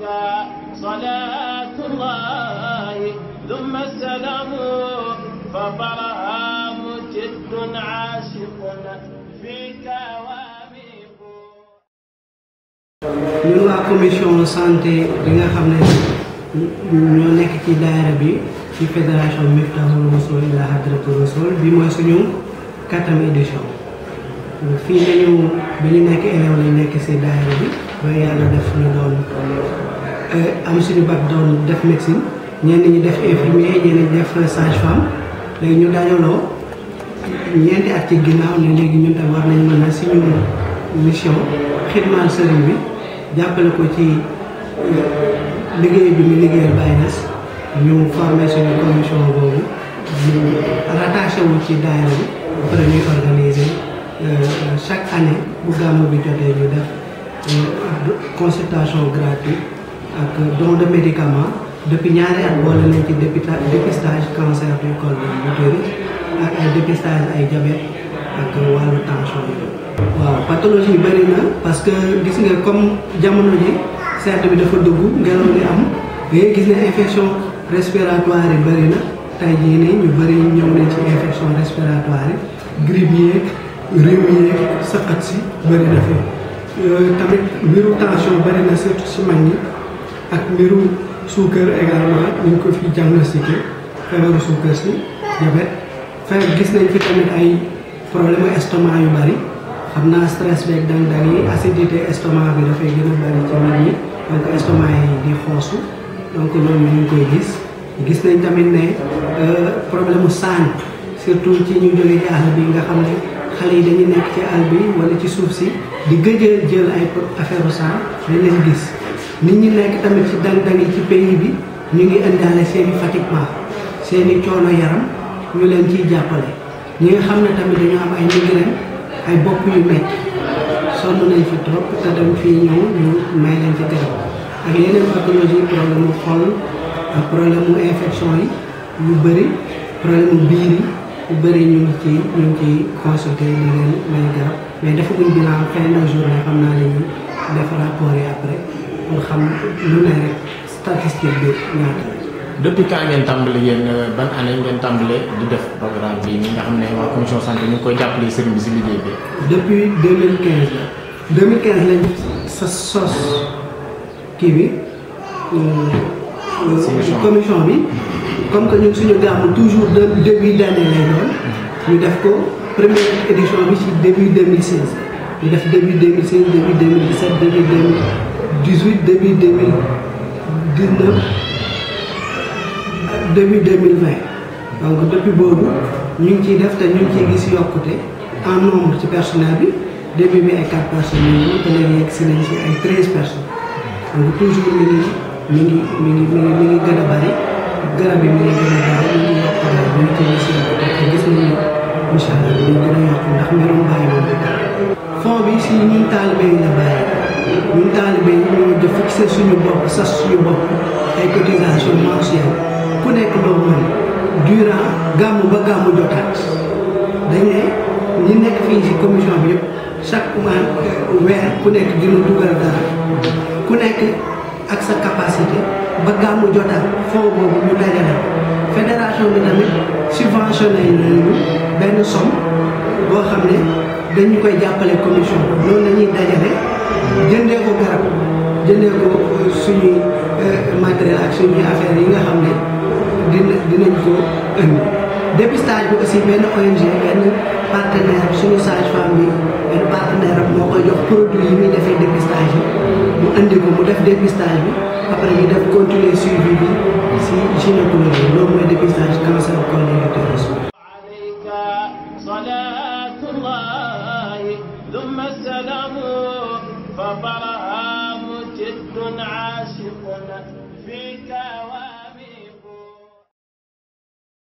عليك صلاة commission santé bi xam ne ñoo nekk ci daara bi ci fédération Miftahul Wusul ila Hadratul Wusul bi mooy suñu quatrième édition fii ñu nekk élève lañu nekk si daara bi ba yàlla def ñu doon am suñu ba doon def médecine ñenn ñi def infirmier ñenn ñi def sage femme léegi ñu dajaloo ñeenti at ci ginnaaw ne léegi ñun tam war nañ mën a suñu mission xidmaal sëriñ bi jàppale ko ci euh, liggéey bi mu liggéeyal Baye Niass ñu formé suñu commission boobu ñu ci daayira bi ba pare ñuy euh, chaque année bu gàmmu bi jotee ñu def. consultation gratuite ak don de médicament depuis ñaari at boole nañ ci dépistage cancer du col de l'utérus ak ay dépistage ay diabète ak wàllu tension yi waaw pathologie bëri na parce que gis nga comme jamono ji seet bi dafa dugg ngelaw li am mais gis ne infection respiratoire yi bëri na tey jii nii ñu bëri ñëw nañ ci infection respiratoire yi grippe yeeg rhume yeeg sëqat si bëri na tamit mbiru tension bari na surtout si mag ak mbiru suukar également ñu ngi ko fi diagnostiqué feebaru suukar si diabète feer gis nañ fi tamit ay problème estomac yu bari xam naa stress beeg dang dang yi acidité estomac bi dafay gën a bari ci nit ñi donc estomac yi di xoosu donc loolu ñu koy gis gis nañ tamit ne euh, problème mu surtout ci ñu jóge jaaxle bi nga xam ne xale yi dañuy nekk ci àll bi wala ci suuf si di gëj a jël ay affaire u sang leen gis nit ñi nekk tamit ci dang-dang yi ci pays bi ñu ngi indaale seeni i seeni seen i coono yaram ñu leen ciy jàppale ñi nga xam ne tamit dañoo am ay migraine ay bopp yu métti sonn nañ fi trop te dem ñëw ñu may leen ci garab ak yeneen pathologie problème xol ak problème mu infection yi yu bëri problème biir yi ñu bëri ñu ci ciy ñu ngi ciy di leen may garab mais defaguñ bilan fin de journée xam naa ne ñu def rapport yi après pour xam lu ne rek statistique bi ñaata. depuis quand ngeen tàmbali yéen euh, ban année ngeen tàmbalee di def programme bi nga xam ne waa commission santé ñu ngi koy jàppalee sëriñ bi si liggéey bi. depuis 2015 la 2015 lañ sa sos kii bi. Euh, commission bi. comme que ñun suñu gàmm toujours de d'année lay doon ñu def ko première édition bi ci début 2016 ñu def début 2016 début 2017 début 2018 début 2019 début 2020 donc depuis boobu ñu ngi ciy def te ñu ngi ciy gis yokkute en nombre ci personnel bi début bi ay 4 personnes yi ñu te léegi yegg si nañ si ay 13 personnes donc toujours mi ngi mi ngi mi ngi mi ngi gën a bari. garab yi ñu ngi si yokku te gis bàyyi bi si ñun taalibe yi bàyyi ñun taalibe yi ñoo def suñu bopp sas suñu bopp ay cotisation mensuelle ku nekk loo mën durant gàmmu ba gàmmu jotaat dañ ñi nekk fii si commission bi yëpp chaque mois weer ku nekk dina dugal dara. capacité ba gàmmu jotaat fonds boobu ñu dajale fédération bi tamit subventionné nañu benn somme boo xam ne dañu koy jàppale commission loolu la ñuy dajale jëndee ko garab jëndee ko euh, suñuy euh, matériel ak suñuy affaires yi nga xam ne dina dinañ ko dépistage bi aussi benn ONG benn partenaire suñu sage-femme bi benn partenaire moo koy jox produit yi muy defee dépistage yi andi ko mu def dépistage bi après ñu def continuer suivi bi si gynécologie loolu mooy dépistage cancer col de l'utérus salaatu llaahi thumma salaamu